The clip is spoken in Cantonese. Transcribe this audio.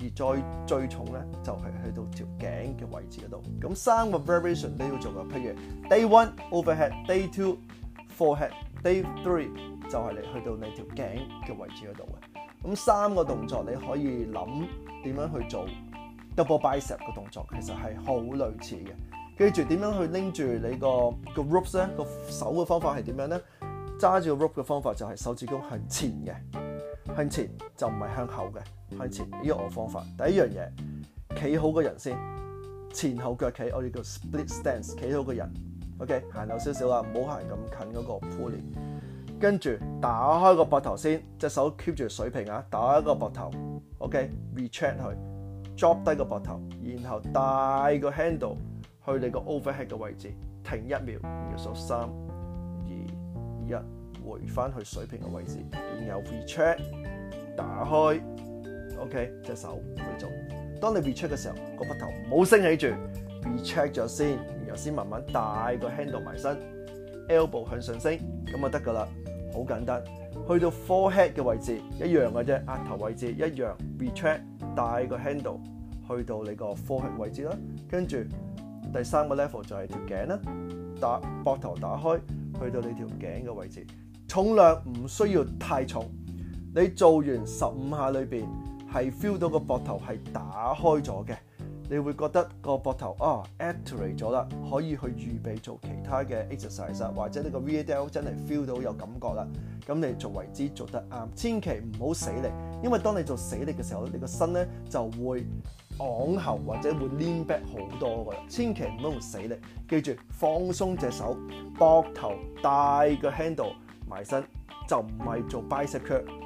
而再最重咧，就係去到條頸嘅位置嗰度。咁三個 variation 你要做嘅，譬如 day one overhead，day two forehead，day three 就係你去到你條頸嘅位置嗰度嘅。咁三個動作你可以諗點樣去做 double bicep 嘅動作，其實係好類似嘅。記住點樣去拎住你個個 rope 咧，個手嘅方法係點樣咧？揸住 rope 嘅方法就係手指公向前嘅。向前就唔係向後嘅，向前呢個我方法。第一樣嘢，企好個人先，前後腳企，我哋叫 split stance，企好個人。OK，行樓少少啊，唔好行咁近嗰個 pulley。跟住打開個膊頭先，隻手 keep 住水平啊，打開一個膊頭。OK，retract 去，drop 低個膊頭，然後帶個 handle 去你個 overhead 嘅位置，停一秒，要數三二一，回翻去水平嘅位置，然後 retract。打開，OK，隻手去做。當你 retract 嘅時候，個骨頭冇升起住，retract 咗先，然後先慢慢帶個 handle 埋身，elbow 向上升，咁就得噶啦，好簡單。去到 forehead 嘅位置一樣嘅啫，額頭位置一樣，retract 帶個 handle 去到你個 forehead 位置啦。跟住第三個 level 就係條頸啦，打膊頭打開，去到你條頸嘅位置，重量唔需要太重。你做完十五下，裏面，係 feel 到個膊頭係打開咗嘅，你會覺得個膊頭啊 activate 咗啦，可以去預備做其他嘅 exercise，或者呢個 video 真係 feel 到有感覺啦。咁你做為之做得啱，千祈唔好死力，因為當你做死力嘅時候，你個身呢就會往後或者會 lean back 好多噶。千祈唔好用死力，記住放鬆隻手，膊頭帶個 handle 埋身，就唔係做 bicep。